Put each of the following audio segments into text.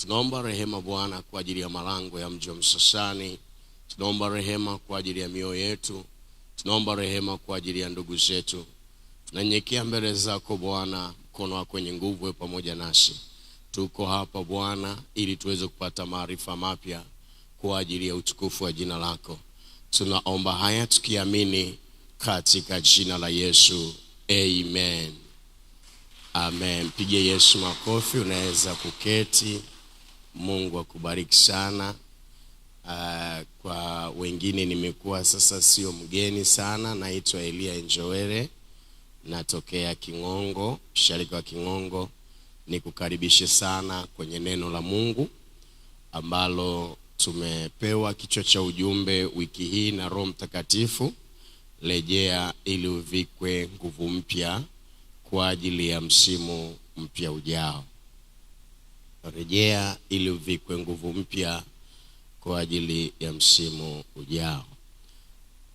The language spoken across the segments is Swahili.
Tunaomba rehema Bwana kwa ajili ya malango ya mji wa Msasani. Tunaomba rehema kwa ajili ya mioyo yetu. Tunaomba rehema kwa ajili ya ndugu zetu. Tunanyenyekea mbele zako Bwana, mkono wako wenye nguvu we pamoja nasi. Tuko hapa Bwana ili tuweze kupata maarifa mapya kwa ajili ya utukufu wa jina lako. Tunaomba haya tukiamini katika jina la Yesu, amen. Amen. Pige Yesu makofi. Unaweza kuketi. Mungu akubariki sana. Uh, kwa wengine nimekuwa sasa sio mgeni sana. Naitwa Elia Njowere, natokea King'ongo, mshariki wa King'ongo. Nikukaribishe sana kwenye neno la Mungu ambalo tumepewa kichwa cha ujumbe wiki hii na Roho Mtakatifu, rejea ili uvikwe nguvu mpya kwa ajili ya msimu mpya ujao rejea ili uvikwe nguvu mpya kwa ajili ya msimu ujao.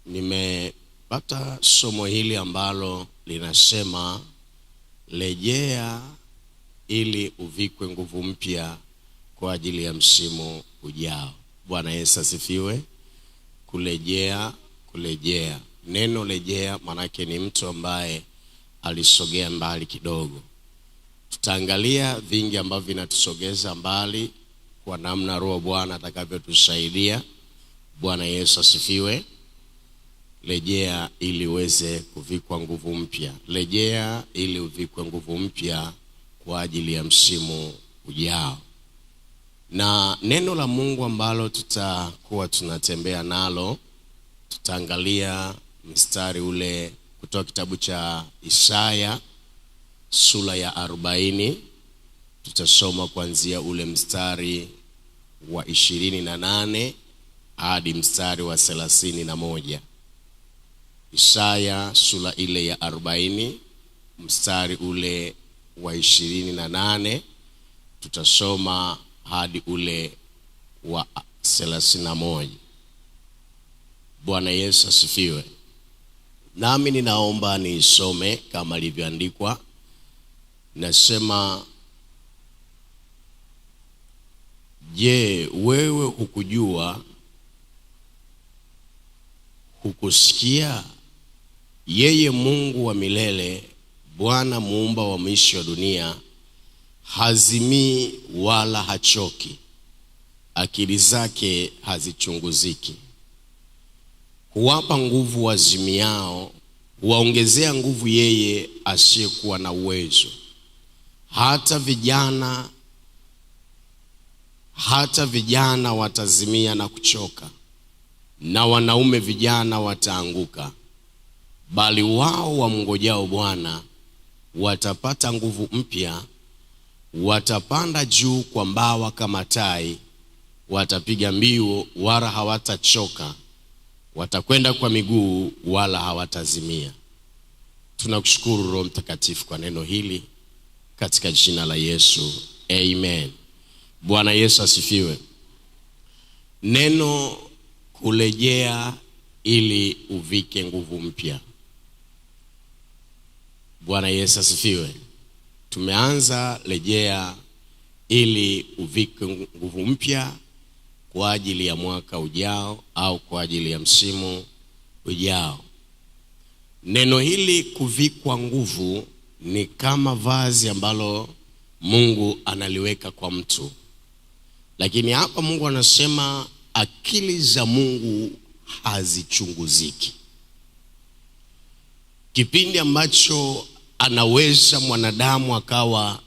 Nimepata somo hili ambalo linasema rejea ili uvikwe nguvu mpya kwa ajili ya msimu ujao. Bwana Yesu asifiwe. Kurejea, kurejea. Neno rejea maanake ni mtu ambaye alisogea mbali kidogo tutaangalia vingi ambavyo vinatusogeza mbali kwa namna Roho Bwana atakavyotusaidia. Bwana Yesu asifiwe. Rejea ili uweze kuvikwa nguvu mpya, rejea ili uvikwe nguvu mpya kwa ajili ya msimu ujao. Na neno la Mungu ambalo tutakuwa tunatembea nalo, tutaangalia mstari ule kutoka kitabu cha Isaya sura ya arobaini tutasoma kuanzia ule mstari wa ishirini na nane hadi mstari wa 31 Isaya sura ile ya arobaini mstari ule wa ishirini na nane tutasoma hadi ule wa thelathini na moja Bwana Yesu asifiwe. Nami ninaomba niisome kama ilivyoandikwa nasema, je, wewe hukujua? Hukusikia? Yeye Mungu wa milele, Bwana muumba wa mwisho wa dunia, hazimii wala hachoki, akili zake hazichunguziki. Huwapa nguvu wazimiao, huwaongezea nguvu yeye asiyekuwa na uwezo hata vijana hata vijana watazimia na kuchoka, na wanaume vijana wataanguka, bali wao wamngojao Bwana watapata nguvu mpya, watapanda juu kwa mbawa kama tai, watapiga mbio wala hawatachoka, watakwenda kwa miguu wala hawatazimia. Tunakushukuru Roho Mtakatifu kwa neno hili katika jina la Yesu amen. Bwana Yesu asifiwe. Neno kurejea ili uvike nguvu mpya. Bwana Yesu asifiwe. Tumeanza rejea ili uvike nguvu mpya kwa ajili ya mwaka ujao au kwa ajili ya msimu ujao. Neno hili kuvikwa nguvu ni kama vazi ambalo Mungu analiweka kwa mtu, lakini hapa Mungu anasema akili za Mungu hazichunguziki. Kipindi ambacho anaweza mwanadamu akawa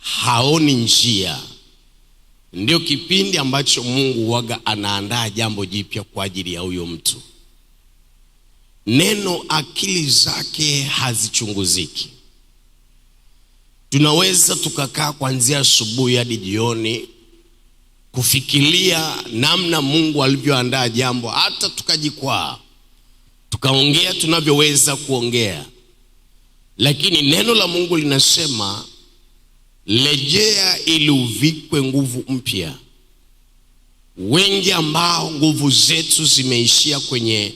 haoni njia, ndio kipindi ambacho Mungu waga anaandaa jambo jipya kwa ajili ya huyo mtu. Neno akili zake hazichunguziki. Tunaweza tukakaa kuanzia asubuhi hadi jioni kufikiria namna Mungu alivyoandaa jambo, hata tukajikwaa tukaongea tunavyoweza kuongea, lakini neno la Mungu linasema lejea ili uvikwe nguvu mpya. Wengi ambao nguvu zetu zimeishia kwenye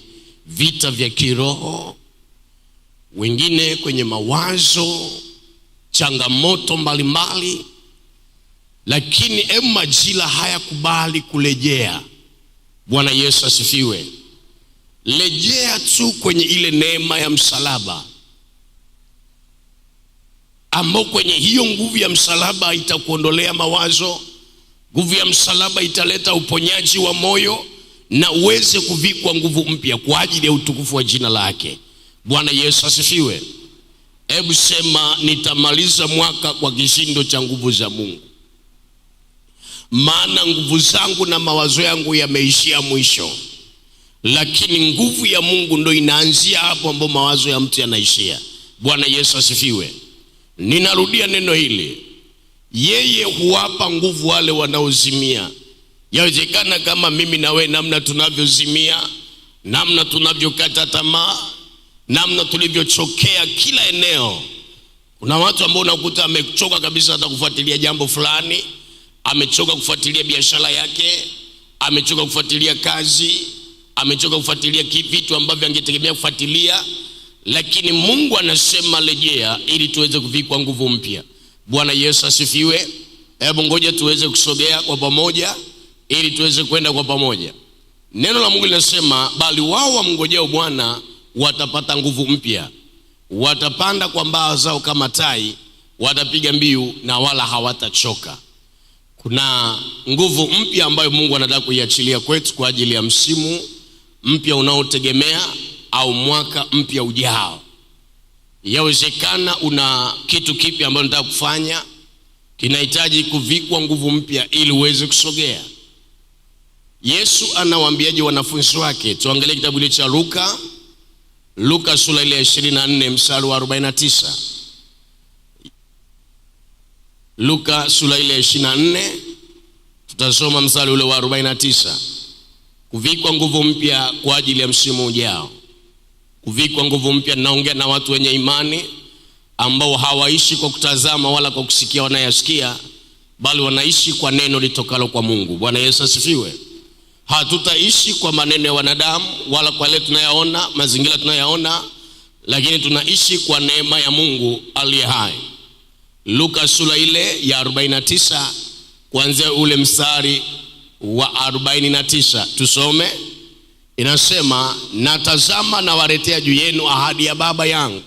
vita vya kiroho, wengine kwenye mawazo changamoto mbalimbali, lakini emu majira hayakubali kurejea. Bwana Yesu asifiwe. Rejea tu kwenye ile neema ya msalaba, ambao kwenye hiyo nguvu ya msalaba itakuondolea mawazo, nguvu ya msalaba italeta uponyaji wa moyo na uweze kuvikwa nguvu mpya kwa ajili ya utukufu wa jina lake. Bwana Yesu asifiwe. Hebu sema nitamaliza mwaka kwa kishindo cha nguvu za Mungu, maana nguvu zangu na mawazo yangu yameishia mwisho. Lakini nguvu ya Mungu ndo inaanzia hapo ambapo mawazo ya mtu yanaishia. Bwana Yesu asifiwe. Ninarudia neno hili, yeye huwapa nguvu wale wanaozimia. Yawezekana kama mimi na wewe, namna tunavyozimia, namna tunavyokata tamaa namna tulivyochokea kila eneo. Kuna watu ambao unakuta amechoka kabisa hata kufuatilia jambo fulani, amechoka kufuatilia biashara yake, amechoka kufuatilia kazi, amechoka kufuatilia vitu ambavyo angetegemea kufuatilia, lakini Mungu anasema rejea, ili tuweze kuvikwa nguvu mpya. Bwana Yesu asifiwe. Hebu ngoja tuweze kusogea kwa pamoja, ili tuweze kwenda kwa pamoja. Neno la Mungu linasema, bali wao wamngojeo Bwana watapata nguvu mpya, watapanda kwa mbawa zao kama tai, watapiga mbiu na wala hawatachoka. Kuna nguvu mpya ambayo Mungu anataka kuiachilia kwetu kwa ajili ya msimu mpya unaotegemea au mwaka mpya ujao. Yawezekana una kitu kipya ambacho nataka kufanya, kinahitaji kuvikwa nguvu mpya ili uweze kusogea. Yesu anawaambiaje wanafunzi wake? Tuangalie kitabu cha Luka Luka sura ile ya 24 mstari wa 49. Luka sura ile ya 24 tutasoma mstari ule wa 49. Kuvikwa nguvu mpya kwa ajili ya msimu ujao. Kuvikwa nguvu mpya, naongea na watu wenye imani ambao hawaishi kwa kutazama wala kwa kusikia wanayasikia, bali wanaishi kwa neno litokalo kwa Mungu. Bwana Yesu asifiwe. Hatutaishi kwa maneno ya wanadamu wala kwa yale tunayaona, mazingira tunayaona, lakini tunaishi kwa neema ya Mungu aliye hai. Luka sura ile ya 49 kuanzia ule mstari wa 49 tusome. Inasema, na tazama, nawaletea juu yenu ahadi ya Baba yangu,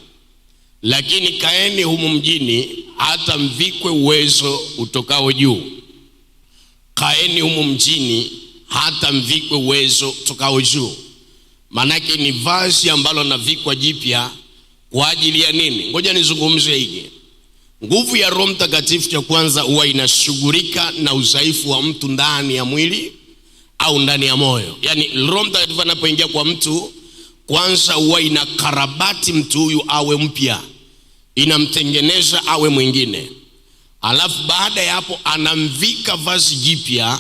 lakini kaeni humu mjini hata mvikwe uwezo utokao juu. Kaeni humu mjini hata mvikwe uwezo tokao juu. Maanake ni vazi ambalo navikwa jipya kwa ajili ya nini? Ngoja nizungumze hiki. Nguvu ya Roho Mtakatifu, cha kwanza, huwa inashughulika na udhaifu wa mtu ndani ya mwili au ndani ya moyo. Yaani Roho Mtakatifu anapoingia kwa mtu, kwanza huwa inakarabati mtu huyu awe mpya, inamtengeneza awe mwingine, alafu baada ya hapo anamvika vazi jipya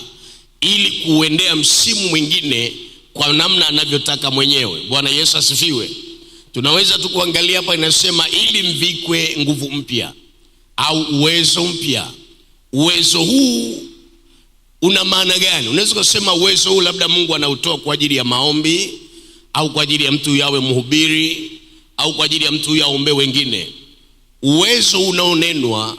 ili kuendea msimu mwingine kwa namna anavyotaka mwenyewe. Bwana Yesu asifiwe. Tunaweza tu kuangalia hapa, inasema ili mvikwe nguvu mpya au uwezo mpya. Uwezo huu una maana gani? Unaweza kusema uwezo huu labda Mungu anautoa kwa ajili ya maombi au kwa ajili ya mtu yawe mhubiri au kwa ajili ya mtu yaombe wengine. Uwezo unaonenwa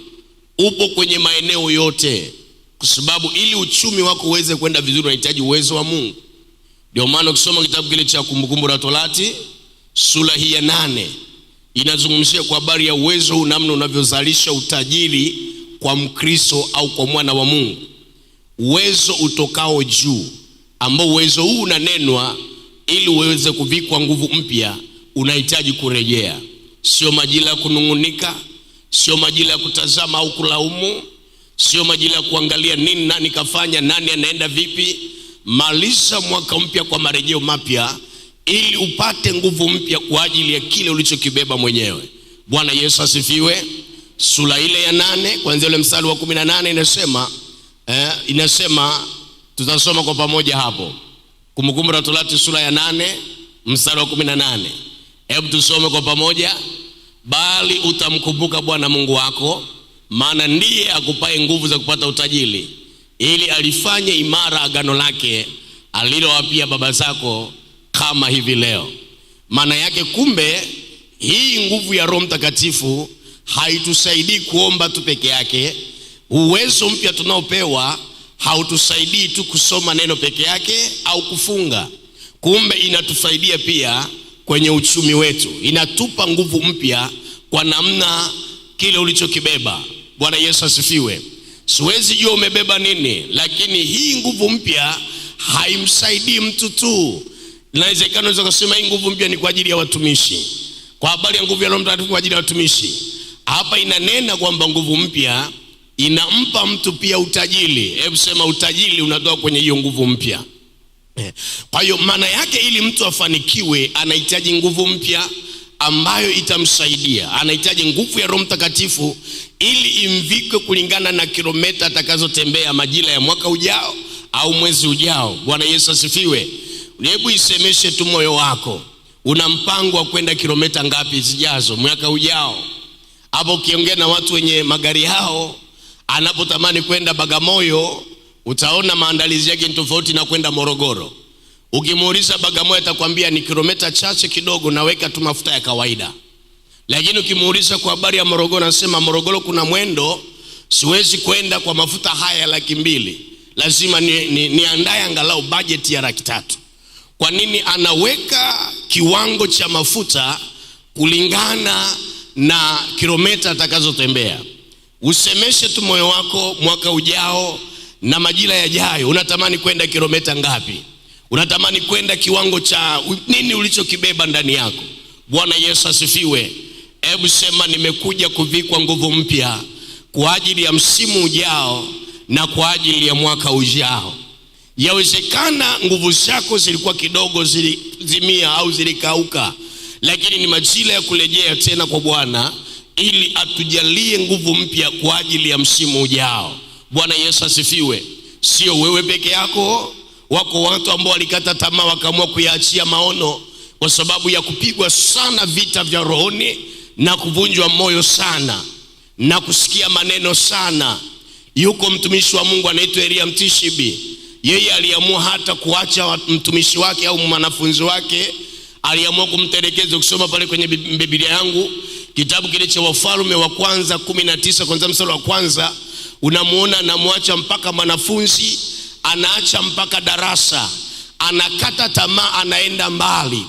upo kwenye maeneo yote kwa sababu ili uchumi wako uweze kwenda vizuri unahitaji uwezo wa Mungu. Ndio maana ukisoma kitabu kile cha Kumbukumbu la Torati sura hii ya nane inazungumzia kwa habari ya uwezo huu, namna unavyozalisha utajiri kwa Mkristo au kwa mwana wa Mungu, uwezo utokao juu, ambao uwezo huu unanenwa ili uweze kuvikwa nguvu mpya. Unahitaji kurejea, sio majira ya kunung'unika, sio majira ya kutazama au kulaumu sio majira ya kuangalia nini nani kafanya, nani anaenda vipi. Maliza mwaka mpya kwa marejeo mapya, ili upate nguvu mpya kwa ajili ya kile ulichokibeba mwenyewe. Bwana Yesu asifiwe. Sura ile ya nane kuanzia ule mstari wa kumi na nane inasema eh, inasema tutasoma kwa pamoja hapo, Kumbukumbu la Torati sura ya nane mstari wa kumi na nane. Hebu tusome kwa pamoja. Bali utamkumbuka Bwana Mungu wako maana ndiye akupaye nguvu za kupata utajiri, ili alifanye imara agano lake alilowapia baba zako kama hivi leo. Maana yake kumbe, hii nguvu ya Roho Mtakatifu haitusaidii kuomba tu peke yake. Uwezo mpya tunaopewa hautusaidii tu kusoma neno peke yake au kufunga. Kumbe inatusaidia pia kwenye uchumi wetu, inatupa nguvu mpya kwa namna kile ulichokibeba Bwana Yesu asifiwe. Siwezi jua umebeba nini, lakini hii nguvu mpya haimsaidii mtu tu. Inawezekana unaweza kusema hii nguvu mpya ni kwa ajili ya watumishi, kwa habari ya nguvu ya Roho Mtakatifu kwa ajili ya watumishi. Hapa inanena kwamba nguvu mpya inampa mtu pia utajiri. Hebu sema utajiri unatoka kwenye hiyo nguvu mpya. Eh, kwa hiyo maana yake, ili mtu afanikiwe, anahitaji nguvu mpya ambayo itamsaidia. Anahitaji nguvu ya Roho Mtakatifu ili imvikwe kulingana na kilomita atakazotembea majira ya mwaka ujao au mwezi ujao. Bwana Yesu asifiwe. Hebu isemeshe tu moyo wako, una mpango wa kwenda kilomita ngapi zijazo mwaka ujao? Hapo ukiongea na watu wenye magari yao, anapotamani kwenda Bagamoyo, utaona maandalizi yake ni tofauti na kwenda Morogoro. Ukimuuliza Bagamoyo atakwambia ni kilomita chache kidogo, naweka tu mafuta ya kawaida. Lakini ukimuuliza kwa habari ya Morogoro, anasema Morogoro kuna mwendo, siwezi kwenda kwa mafuta haya laki mbili, lazima niandaye ni, ni angalau bajeti ya laki tatu. Kwa nini anaweka kiwango cha mafuta kulingana na kilomita atakazotembea? Usemeshe tu moyo wako, mwaka ujao na majira yajayo unatamani kwenda kilomita ngapi? unatamani kwenda kiwango cha nini ulichokibeba ndani yako. Bwana Yesu asifiwe. Hebu sema, nimekuja kuvikwa nguvu mpya kwa ajili ya msimu ujao na kwa ajili ya mwaka ujao. Yawezekana nguvu zako zilikuwa kidogo, zilizimia au zilikauka, lakini ni majira ya kurejea tena kwa Bwana ili atujalie nguvu mpya kwa ajili ya msimu ujao. Bwana Yesu asifiwe. Sio wewe peke yako, Wako watu ambao walikata tamaa, wakaamua kuyaachia maono kwa sababu ya kupigwa sana vita vya rohoni na kuvunjwa moyo sana na kusikia maneno sana. Yuko mtumishi wa Mungu anaitwa Elia Mtishibi, yeye aliamua hata kuacha mtumishi wake au mwanafunzi wake, aliamua kumtelekeza. Ukisoma pale kwenye Biblia yangu kitabu kile cha Wafalme wa Kwanza kumi na tisa kwanza mstari wa kwanza unamuona anamwacha mpaka mwanafunzi anaacha mpaka darasa, anakata tamaa, anaenda mbali.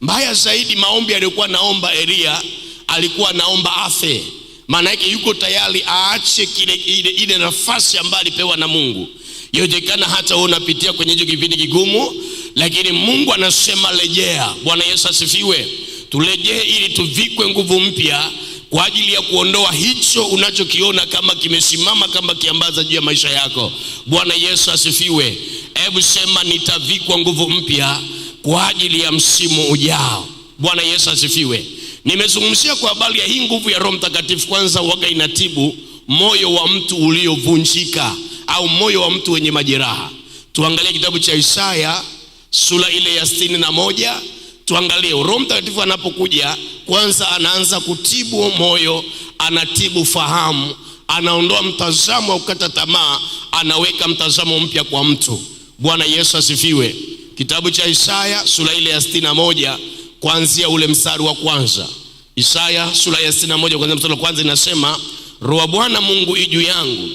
Mbaya zaidi, maombi aliyokuwa naomba Elia alikuwa naomba afe. Maana yake yuko tayari aache kile ile, ile nafasi ambayo alipewa na Mungu. Yawezekana hata wewe unapitia kwenye hicho kipindi kigumu, lakini Mungu anasema rejea. Bwana Yesu asifiwe. Turejee ili tuvikwe nguvu mpya kwa ajili ya kuondoa hicho unachokiona kama kimesimama kama kiambaza juu ya maisha yako. Bwana Yesu asifiwe. Hebu sema nitavikwa nguvu mpya kwa ajili ya msimu ujao. Bwana Yesu asifiwe. Nimezungumzia kwa habari ya hii nguvu ya Roho Mtakatifu. Kwanza waga inatibu moyo wa mtu uliovunjika au moyo wa mtu wenye majeraha. Tuangalie kitabu cha Isaya sura ile ya sitini na moja tuangalie Roho Mtakatifu anapokuja kwanza anaanza kutibu moyo, anatibu fahamu, anaondoa mtazamo wa kukata tamaa, anaweka mtazamo mpya kwa mtu. Bwana Yesu asifiwe. Kitabu cha Isaya sura ile ya sitini na moja kuanzia ule mstari wa kwanza. Isaya sura ya sitini na moja kuanzia mstari wa kwanza inasema, Roho Bwana Mungu i juu yangu,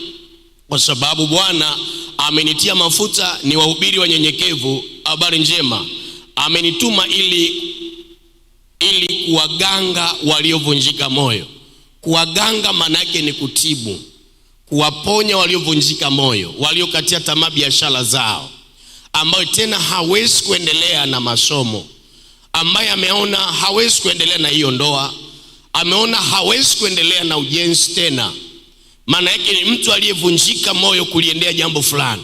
kwa sababu Bwana amenitia mafuta ni wahubiri wanyenyekevu habari njema, amenituma ili ili kuwaganga waliovunjika moyo. Kuwaganga maana yake ni kutibu, kuwaponya waliovunjika moyo, waliokatia tamaa biashara zao, ambayo tena hawezi kuendelea na masomo, ambaye ameona hawezi kuendelea na hiyo ndoa, ameona hawezi kuendelea na ujenzi tena. Maana yake ni mtu aliyevunjika moyo kuliendea jambo fulani,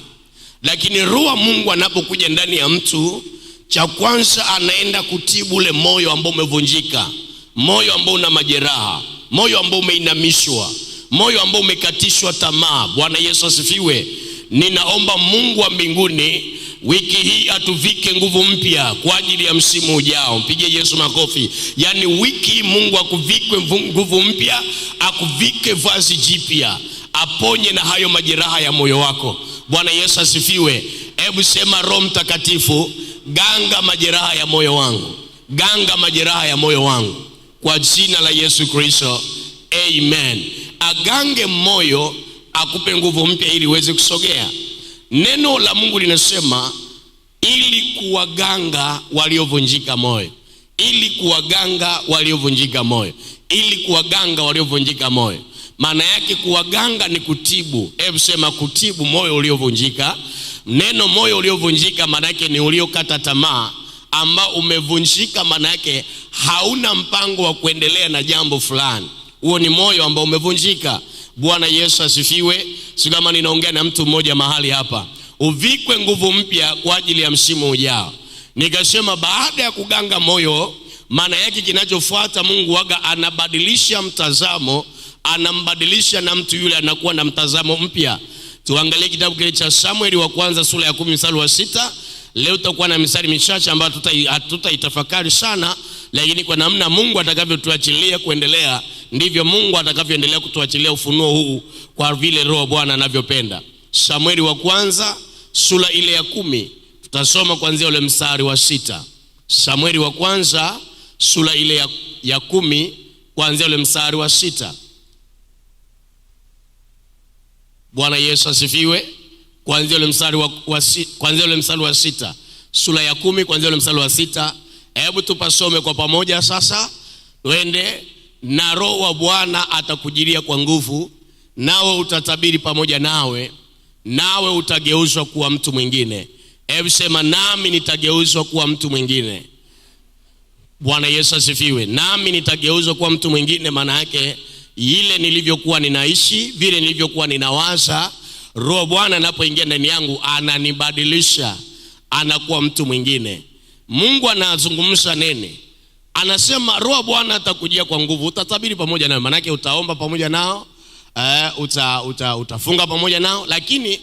lakini roho Mungu anapokuja ndani ya mtu cha kwanza anaenda kutibu ule moyo ambao umevunjika, moyo ambao una majeraha, moyo ambao umeinamishwa, moyo ambao umekatishwa tamaa. Bwana Yesu asifiwe. Ninaomba Mungu wa mbinguni wiki hii atuvike nguvu mpya kwa ajili ya msimu ujao. mpige Yesu makofi. Yaani wiki hii Mungu akuvikwe nguvu mpya, akuvike vazi jipya, aponye na hayo majeraha ya moyo wako. Bwana Yesu asifiwe. Hebu sema Roho Mtakatifu ganga majeraha ya moyo wangu, ganga majeraha ya moyo wangu kwa jina la Yesu Kristo, amen. Agange moyo, akupe nguvu mpya ili uweze kusogea. Neno la Mungu linasema ili kuwaganga waliovunjika moyo, ili kuwaganga waliovunjika moyo, ili kuwaganga waliovunjika moyo. Maana yake kuwaganga ni kutibu. Hebu sema kutibu moyo uliovunjika Neno moyo uliovunjika maana yake ni uliokata tamaa, ambao umevunjika maana yake hauna mpango wa kuendelea na jambo fulani. Huo ni moyo ambao umevunjika. Bwana Yesu asifiwe. Si kama ninaongea na mtu mmoja mahali hapa, uvikwe nguvu mpya kwa ajili ya msimu ujao. Nikasema baada ya kuganga moyo, maana yake kinachofuata, Mungu waga anabadilisha mtazamo, anambadilisha na mtu yule anakuwa na mtazamo mpya. Tuangalie kitabu kile cha Samueli wa kwanza sura ya kumi mstari wa sita. Leo tutakuwa na mistari michache ambayo hatutaitafakari sana, lakini kwa namna Mungu atakavyotuachilia kuendelea, ndivyo Mungu atakavyoendelea kutuachilia ufunuo huu kwa vile Roho Bwana anavyopenda. Samueli wa kwanza sura ile ya kumi tutasoma kuanzia ule mstari wa sita. Samueli wa kwanza sura ile ya, ya kumi kuanzia ule mstari wa sita. Bwana Yesu asifiwe. Kuanzia ule mstari wa, kuanzia mstari wa sita sura ya kumi kuanzia ule mstari wa sita Hebu tupasome kwa pamoja sasa, twende. Na Roho wa Bwana atakujilia kwa nguvu, nawe utatabiri pamoja nawe, nawe utageuzwa kuwa mtu mwingine. Hebu sema nami nitageuzwa kuwa mtu mwingine. Bwana Yesu asifiwe. Nami nitageuzwa kuwa mtu mwingine, maana yake ile nilivyokuwa ninaishi, vile nilivyokuwa ninawaza, Roho Bwana anapoingia ndani yangu ananibadilisha, anakuwa mtu mwingine. Mungu anazungumza nini? Anasema Roho Bwana atakujia kwa nguvu, utatabiri pamoja nayo, maanake utaomba pamoja nao, uh, uta, uta, utafunga pamoja nao, lakini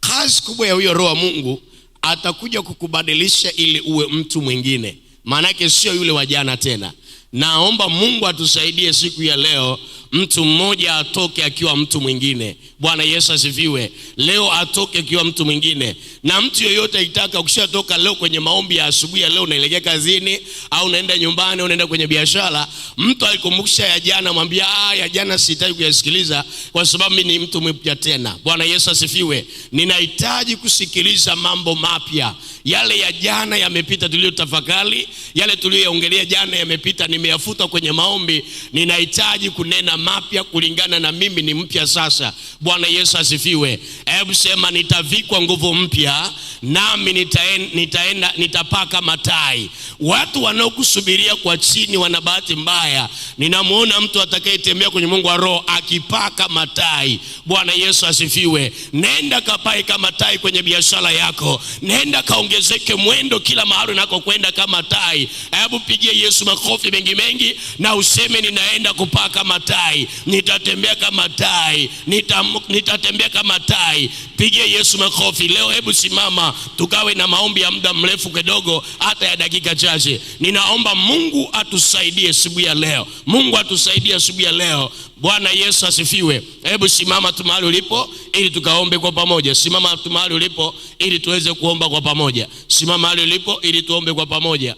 kazi kubwa ya huyo Roho wa Mungu atakuja kukubadilisha ili uwe mtu mwingine, maanake sio yule wa jana tena. Naomba Mungu atusaidie siku ya leo mtu mmoja atoke akiwa mtu mwingine. Bwana Yesu asifiwe. Leo atoke akiwa mtu mwingine, na mtu yoyote aitaka. Ukishatoka leo kwenye maombi ya asubuhi ya leo, unaelekea kazini au unaenda nyumbani, unaenda kwenye biashara, mtu alikumbusha ya jana, mwambia ah, ya jana sihitaji kuyasikiliza kwa sababu mimi ni mtu mpya tena. Bwana Yesu asifiwe. Ninahitaji kusikiliza mambo mapya yale ya jana yamepita, tuliyotafakari yale tuliyoyaongelea jana yamepita, nimeyafuta kwenye maombi. Ninahitaji kunena mapya kulingana na mimi ni mpya sasa. Bwana Yesu asifiwe. Hebu sema, nitavikwa nguvu mpya, nami nitaen, nitaenda nitapaka matai Watu wanaokusubiria kwa chini wana bahati mbaya. Ninamwona mtu atakayetembea kwenye Mungu wa roho akipaka matai Bwana Yesu asifiwe. Nenda kapae kama tai kwenye biashara yako, nenda ka ongezeke mwendo kila mahali unakokwenda kama tai. Hebu pigie Yesu makofi mengi mengi na useme, ninaenda kupaa kama tai, nitatembea kama tai, nita, nitatembea kama tai. Pigie Yesu makofi leo. Hebu simama tukawe na maombi ya muda mrefu kidogo, hata ya dakika chache. Ninaomba Mungu atusaidie asubuhi ya leo, Mungu atusaidie asubuhi ya leo. Bwana Yesu asifiwe. Hebu simama tu mahali ulipo ili tukaombe kwa pamoja. Simama tu mahali ulipo ili tuweze kuomba kwa pamoja. Simama mahali ulipo ili tuombe kwa pamoja,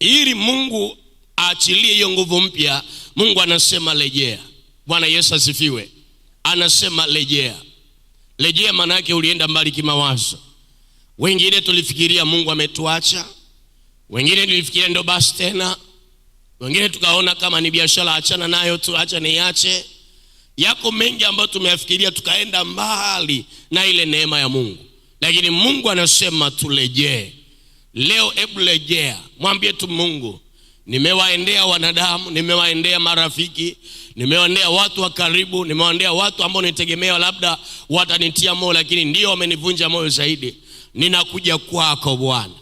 ili Mungu aachilie hiyo nguvu mpya. Mungu anasema rejea. Bwana Yesu asifiwe. Anasema rejea. Rejea maana yake ulienda mbali kimawazo. Wengine tulifikiria Mungu ametuacha, wengine tulifikiria ndo basi tena wengine tukaona kama ni biashara, achana nayo tu, acha niache. Yako mengi ambayo tumeyafikiria, tukaenda mbali na ile neema ya Mungu, lakini Mungu anasema turejee. Leo hebu rejea, mwambie tu Mungu, nimewaendea wanadamu, nimewaendea marafiki, nimewaendea watu wa karibu, nimewaendea watu ambao nitegemea labda watanitia moyo, lakini ndio wamenivunja moyo zaidi. Ninakuja kwako Bwana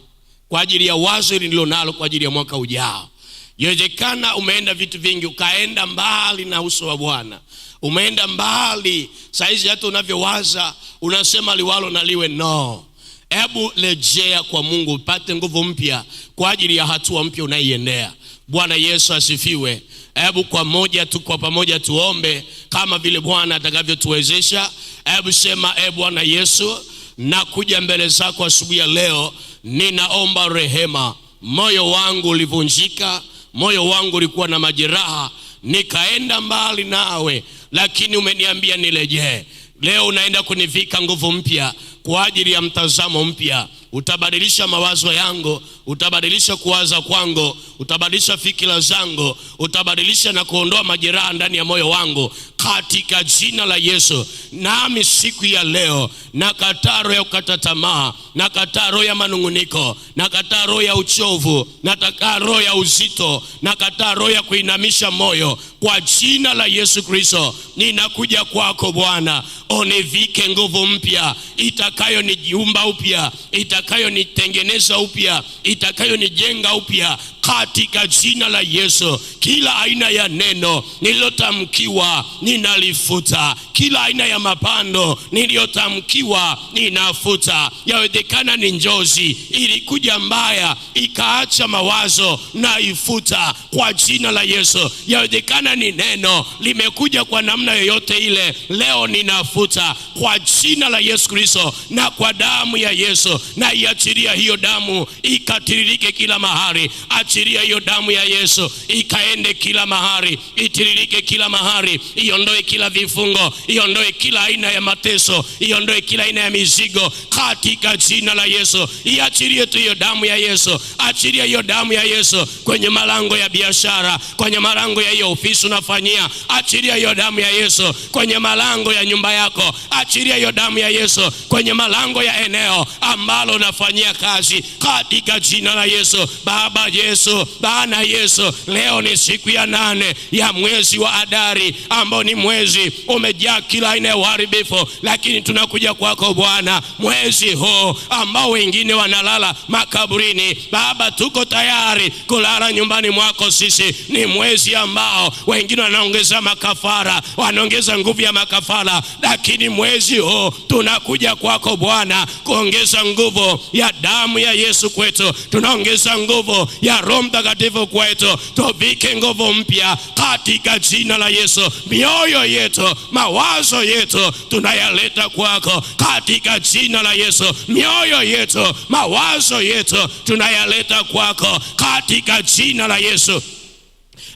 kwa ajili ya wazo nililonalo kwa ajili ya mwaka ujao Yawezekana umeenda vitu vingi, ukaenda mbali na uso wa Bwana, umeenda mbali. Saizi hata unavyowaza unasema liwalo na liwe no. Hebu rejea kwa Mungu upate nguvu mpya kwa ajili ya hatua mpya unaiendea. Bwana Yesu asifiwe. Hebu kwa moja tu, kwa pamoja tuombe kama vile Bwana atakavyotuwezesha. Hebu sema, e Bwana Yesu, nakuja mbele zako asubuhi ya leo, ninaomba rehema, moyo wangu ulivunjika moyo wangu ulikuwa na majeraha, nikaenda mbali nawe, lakini umeniambia nirejee. Leo unaenda kunivika nguvu mpya kwa ajili ya mtazamo mpya utabadilisha mawazo yangu, utabadilisha kuwaza kwangu, utabadilisha fikira zangu, utabadilisha na kuondoa majeraha ndani ya moyo wangu katika jina la Yesu. Nami siku ya leo nakataa roho ya kukata tamaa, nakataa roho ya manunguniko, nakataa roho ya uchovu, nakataa roho ya uzito, nakataa roho ya kuinamisha moyo kwa jina la Yesu Kristo. Ninakuja kwako Bwana, onivike nguvu mpya itakayo nijiumba upya itakayo itakayonitengeneza upya, itakayonijenga upya, katika jina la Yesu. Kila aina ya neno nililotamkiwa ninalifuta, kila aina ya mapando niliyotamkiwa ninafuta. Yawezekana ni njozi ilikuja mbaya ikaacha mawazo, naifuta kwa jina la Yesu. Yawezekana ni neno limekuja kwa namna yoyote ile, leo ninafuta kwa jina la Yesu Kristo na kwa damu ya Yesu, na iachilia hiyo damu ikatiririke kila mahali achilia hiyo damu ya Yesu ikaende kila mahali, itiririke kila mahali, iondoe kila vifungo, iondoe kila aina ya mateso, iondoe kila aina ya mizigo katika jina la Yesu. Iachilie tu hiyo damu ya Yesu, achilia hiyo damu ya Yesu kwenye malango ya biashara, kwenye malango ya hiyo ofisi unafanyia, achilia hiyo damu ya Yesu kwenye malango ya nyumba yako, achilia hiyo damu ya Yesu kwenye malango ya eneo ambalo unafanyia kazi katika jina la Yesu. Baba Yesu Yesu, Bwana Yesu. Leo ni siku ya nane ya mwezi wa Adari ambao ni mwezi umejaa kila aina ya uharibifu, lakini tunakuja kwako Bwana mwezi huu ambao wengine wanalala makaburini. Baba, tuko tayari kulala nyumbani mwako. Sisi ni mwezi ambao wengine wanaongeza makafara, wanaongeza nguvu ya makafara, lakini mwezi huu tunakuja kwako Bwana kuongeza nguvu ya damu ya Yesu kwetu, tunaongeza nguvu ya Roho Mtakatifu kwetu, tuvike nguvu mpya katika jina la Yesu. Mioyo yetu, mawazo yetu tunayaleta kwako katika jina la Yesu. Mioyo yetu, mawazo yetu tunayaleta kwako katika jina la Yesu.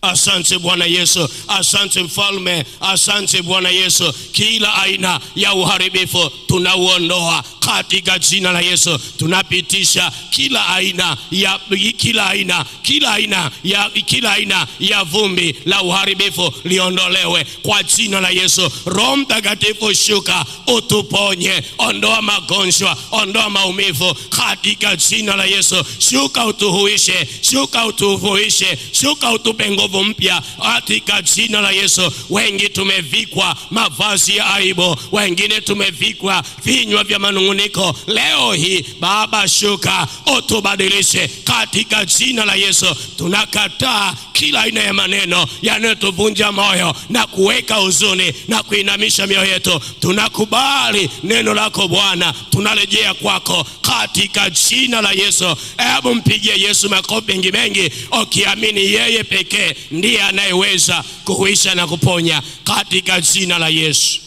Asante Bwana Yesu, asante Mfalme, asante Bwana Yesu. Kila aina ya uharibifu tunauondoa katika jina la Yesu. Tunapitisha kila aina ya kila aina kila aina ya kila aina ya vumbi la uharibifu liondolewe kwa jina la Yesu. Roho Mtakatifu, shuka utuponye, ondoa magonjwa, ondoa maumivu katika jina la Yesu. Shuka utuhuishe, shuka utuhuishe, shuka utupe nguvu mpya katika jina la Yesu. Wengi tumevikwa mavazi ya aibu, wengine tumevikwa vinywa vya manung'uniko manunguniko leo hii. Baba, shuka utubadilishe katika jina la Yesu. Tunakataa kila aina ya maneno yanayotuvunja moyo na kuweka huzuni na kuinamisha mioyo yetu. Tunakubali neno lako Bwana, tunarejea kwako katika jina la Yesu. Hebu mpigie Yesu makofi mengi mengi, ukiamini yeye pekee ndiye anayeweza kuhuisha na kuponya katika jina la Yesu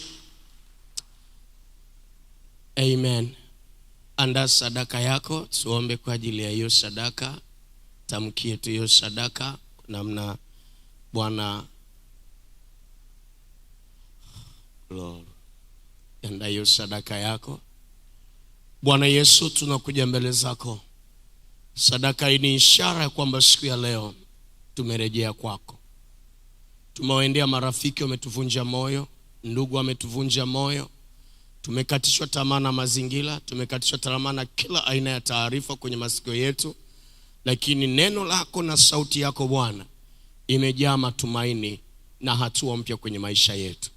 amen anda sadaka yako tuombe kwa ajili ya hiyo sadaka tamkie tu hiyo sadaka namna bwana anda hiyo sadaka yako bwana yesu tunakuja mbele zako sadaka hii ni ishara ya kwamba siku ya leo tumerejea kwako tumewaendea marafiki wametuvunja moyo ndugu wametuvunja moyo Tumekatishwa tamaa na mazingira, tumekatishwa tamaa na kila aina ya taarifa kwenye masikio yetu, lakini neno lako na sauti yako Bwana imejaa matumaini na hatua mpya kwenye maisha yetu.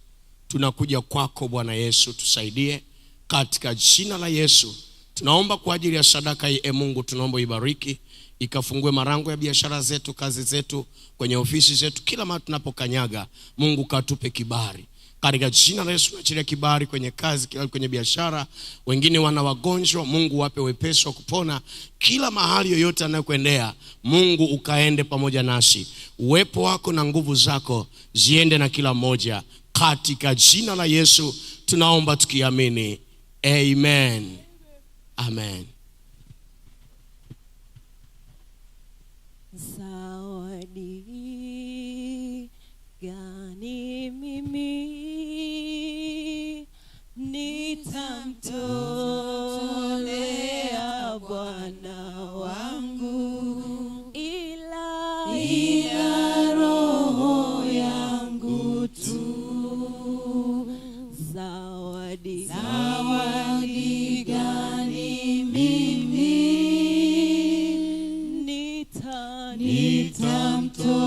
Tunakuja kwako Bwana Yesu, tusaidie katika jina la Yesu. Tunaomba kwa ajili ya sadaka hii, e Mungu, tunaomba ibariki, ikafungue marango ya biashara zetu, kazi zetu, kwenye ofisi zetu, kila mahali tunapokanyaga. Mungu, katupe kibali katika jina la Yesu achilia kibali kwenye kazi, kwenye biashara. Wengine wana wagonjwa, Mungu wape wepesi wa kupona. Kila mahali yoyote anayokwendea, Mungu ukaende pamoja nasi, uwepo wako na nguvu zako ziende na kila mmoja, katika jina la Yesu tunaomba tukiamini, amen, amen. Zawadi gani mimi nitamtolea Bwana wangu ila, ila roho yangu tu zawadi, zawadi gani mimi nitamtolea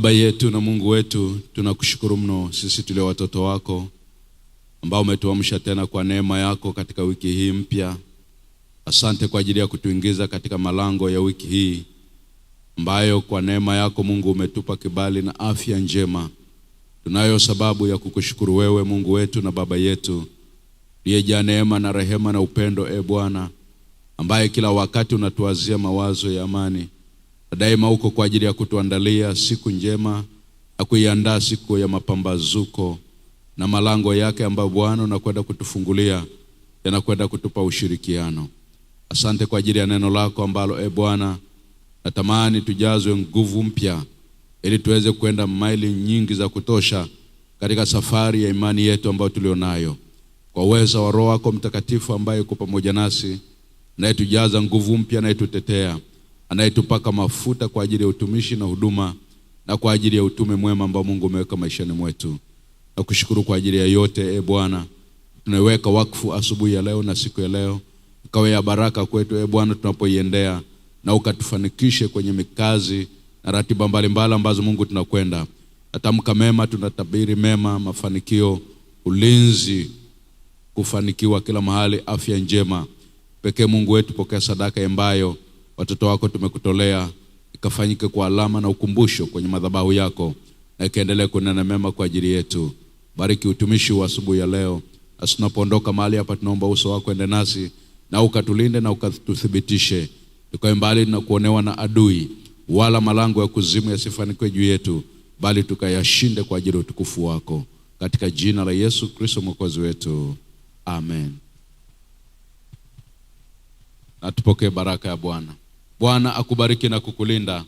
Baba yetu na Mungu wetu, tunakushukuru mno sisi tulio watoto wako ambao umetuamsha tena kwa neema yako katika wiki hii mpya. Asante kwa ajili ya kutuingiza katika malango ya wiki hii ambayo kwa neema yako Mungu umetupa kibali na afya njema. Tunayo sababu ya kukushukuru wewe Mungu wetu na Baba yetu uliyejaa neema na rehema na upendo, e Bwana, ambaye kila wakati unatuazia mawazo ya amani. Daima huko kwa ajili ya kutuandalia siku njema na kuiandaa siku ya mapambazuko na malango yake ambayo Bwana unakwenda kutufungulia yanakwenda kutupa ushirikiano. Asante kwa ajili ya neno lako ambalo, e Bwana, natamani tujazwe nguvu mpya ili tuweze kwenda maili nyingi za kutosha katika safari ya imani yetu ambayo tulionayo, kwa uweza wa Roho wako Mtakatifu ambaye uko pamoja nasi, naye tujaza nguvu mpya, naye tutetea anayetupaka mafuta kwa ajili ya utumishi na huduma na kwa ajili ya utume mwema ambao Mungu umeweka maishani mwetu. Na kushukuru kwa ajili ya yote, e Bwana, tunaweka wakfu asubuhi ya leo na siku ya leo ukawe ya baraka kwetu, e Bwana, tunapoiendea na ukatufanikishe kwenye mikazi na ratiba mbalimbali ambazo Mungu tunakwenda. Natamka mema, tunatabiri mema, mafanikio, ulinzi, kufanikiwa kila mahali, afya njema. Pekee Mungu wetu, pokea sadaka ambayo watoto wako tumekutolea, ikafanyike kwa alama na ukumbusho kwenye madhabahu yako, na ikaendelea kunena mema kwa ajili yetu. Bariki utumishi wa asubuhi ya leo, asinapoondoka mahali hapa, tunaomba uso wako ende nasi na ukatulinde na ukatuthibitishe, tukae mbali na kuonewa na adui, wala malango ya kuzimu yasifanikiwe juu yetu, bali tukayashinde kwa ajili ya utukufu wako, katika jina la Yesu Kristo mwokozi wetu, amen. Na baraka ya Bwana. Bwana akubariki na kukulinda.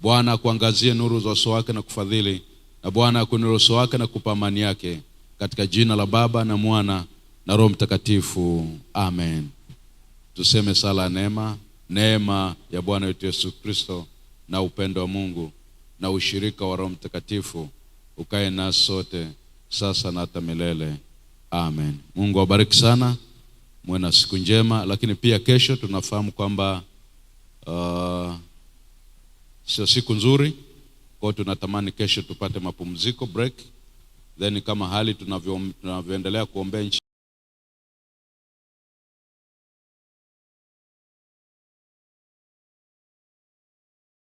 Bwana akuangazie nuru za uso wake na kufadhili, na Bwana akuinulie uso wake na kupa amani yake, katika jina la Baba na Mwana na Roho Mtakatifu, amen. Tuseme sala ya neema. Neema ya Bwana wetu Yesu Kristo na upendo wa Mungu na ushirika wa Roho Mtakatifu ukae nasi sote sasa na hata milele, amen. Mungu awabariki sana, muwe na siku njema. Lakini pia kesho tunafahamu kwamba Uh, sio siku nzuri kwao, tunatamani kesho tupate mapumziko break, then kama hali tunavyoendelea kuombea nchi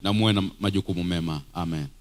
na muwe na majukumu mema. Amen.